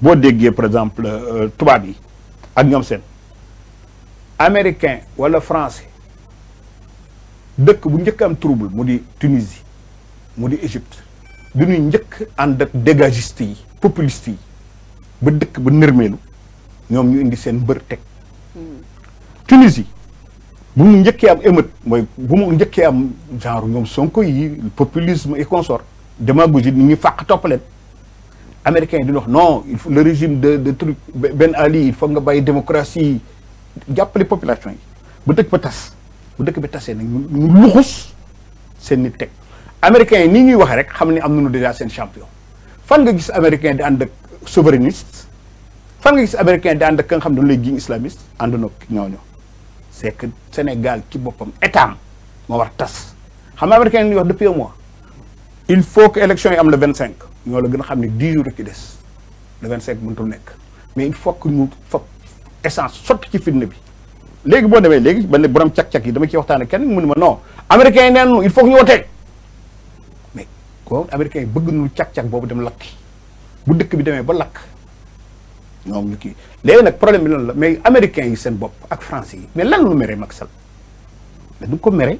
boo déggee par exemple euh, tubaab yi ak ñoom seen américain wala français dëkk bu njëkk am trouble mu di Tunisie mu di Égypte du ñuy njëkk ànd ak dégagiste yi populiste yi ba dëkk ba nërmeelu ñoom ñu indi seen mbër teg hmm. Tunisie bu mu njëkkee am émeute mooy bu mu njëkkee am genre ñoom Sonko yi populisme et consort démagogie nit ñi fàq topp américain yi duñu wax non il le régime de de truc Ben Ali il faut nga bàyyi démocratie jàppale population yi bu dëkk ba tas bu dëkk bi tasee nag ñu luxus seen nit teg américains yi nii ñuy wax rek xam ni am nañu déjà seen champion fan nga gis américain di ànd ak souverainiste fan nga gis américain di ànd ak ka nga xam ne dañu lay giñ islamiste ànd na ñooñu c'est que Sénégal ci boppam état moo war tas xam nga américain yi wax depuis un mois il faut que élection yi am le vingt cinq ñoo la gën a xam ne dix jours ci des le vingt cinq mënutul nekk mais il faut que ñu foog essence sotti ci fitna bi léegi boo demee léegi ba ne borom cak-cak yi dama ciy waxtaan ak kenn mu ma non américains yi neen il faut que ñu woteeg mais ko américains yi bëgg nañu cak boobu dem lakki bu dëkk bi demee ba lakk ñoom kii léegi nag problème bi noonu la mais américains yi seen bopp ak français yi mais lan lu mere mag Sall mais du ko mere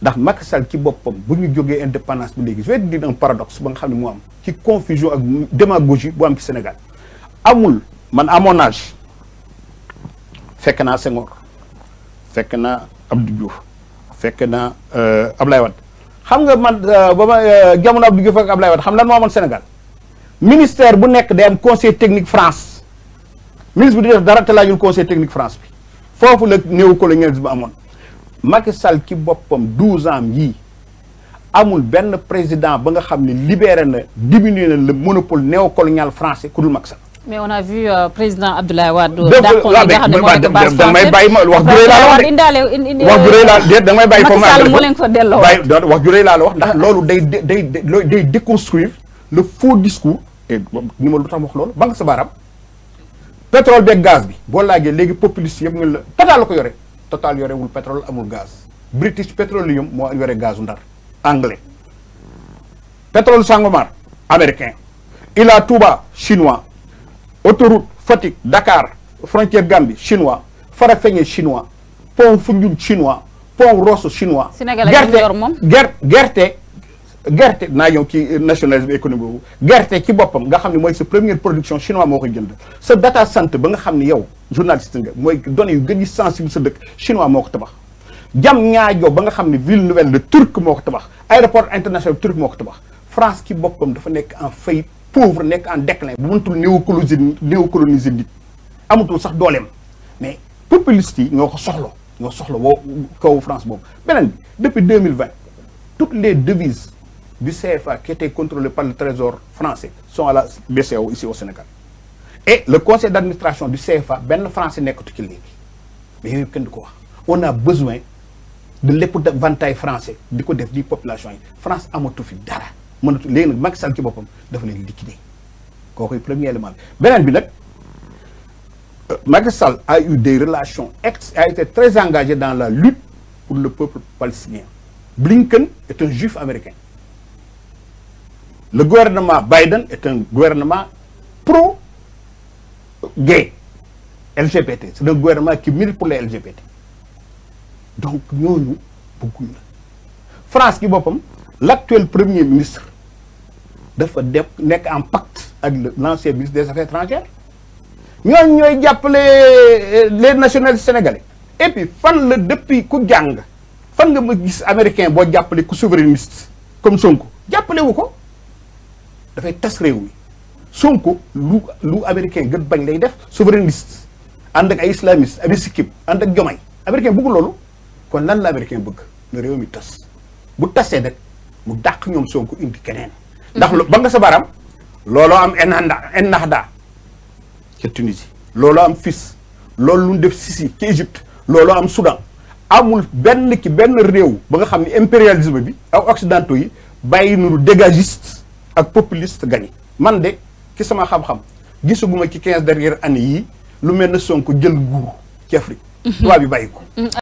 ndax Macky Sall ci boppam bu ñu jógee indépendance bi léegi je vais dire un paradoxe ba nga xam ne moo am ci confusion ak démagogie bu am ci Sénégal amul man à mon fekk naa Senghor fekk naa Abdou Diouf fekk naa euh, Ablaye Wade xam nga man euh, ba ma euh, jamono Abdou Diouf ak Ablaye Wade xam lan moo amoon Sénégal ministère bu nekk day am conseil technique France ministre bi di def dara te laajul conseil technique France bi foofu la néocolonialisme amoon. Macky Sall ci boppam douze ans yii amul benn président ba nga xam ne libéré na diminué na le monopole néocolonial français ku dul Macky Sall. mais on a vu euh, président Abdoulaye Wade. d'accord li nga xam ne moo nekk base française bàyyi ma wax juree laa la wax de. wax juree laa déet da nga may bàyyi foofu Macky Sall moo leen ko delloo. bàyyi wax juree laa wax ndax loolu day day day déconstruire le faux discours. et ni ma lu tax wax loolu banque sa baaraam pétrole beeg gaz bi boo laajee léegi populiste yëpp nga la Total la ko yore. Total yorewul pétrole amul gaz British Petroleum moo yore gazu Ndar anglais pétrole Sangomar américain Ila Touba chinois autoroute Fatick Dakar frontière Gambie chinois Farafenni chinois pont Foundiougne chinois pont Rosso chinois. gerte gerte naa yow ki nationalisme économique boobu gerte ci boppam nga xam ne mooy sa première production chinois moo koy jënd sa data center ba nga xam ne yow journaliste nga mooy données yu gën yi sensible sa dëkk chinois moo ko tabax jam ñaajo ba nga xam ne ville nouvelle de turc moo ko tabax aéroport international turc moo ko tabax France ci boppam dafa nekk en faillite pauvre nekk en déclin bu mënatul néocoloniser néocoloniser nit amatul sax doolem mais populistes yi ñoo ko soxla ñoo soxla woo kaw France boobu beneen bi depuis 2020 toutes les devises du CFA qui était contrôlé par le Trésor français sont à la BCEAO ici au Sénégal et le conseil d'administration du CFA benn français nekkatu ci léegi mais yooyu kenn du ko wax on a besoin de l'épouvantail français di ko def di population yi France amatu fi dara mënatu léegi nag Macky Sall ci boppam dafa leen liquider kooku premier élément bi beneen bi nag euh, Macky Sall a eu des relations ex a été très engagé dans la lutte pour le peuple palestinien Blinken est un juif américain le gouvernement Biden est un gouvernement pro-gay, LGBT. C'est le gouvernement qui milite pour les LGBT. Donc, nous, beaucoup. France, qui l'actuel premier ministre, dafa nekk en pacte ak l'ancien ministre des affaires étrangères ñooñu ñooy jàppale euh, les nationalistes sénégalais et puis fan la depuis ku jàng fan nga ma gis américain boo jàppalee ku souverainiste comme Sonko jàppale wu ko. dafay tas réew mi Sonko lu lu gën bañ lay def souverainiste ànd ak ay islamiste abi sikkib ànd ak jomay américain bëgg loolu kon lan la américain bëgg mi tas bu tasee nag mu dàq ñoom Sonko indi keneen ndax ba nga sa baram looloo am ennahda ennahda ca Tunisie looloo am fis loolu lu def Sisi ci Égypte looloo am Soudan amul benn ci benn réew ba nga xam ne impérialisme bi aw occidentaux yi bàyyi nuru dégagiste ak populiste gagné man de ki sama xam-xam gisaguma ci quinze dernières années yii lu mel ne Sonko jël nguur ci Afrique. Mhm. tubaab bi bàyyi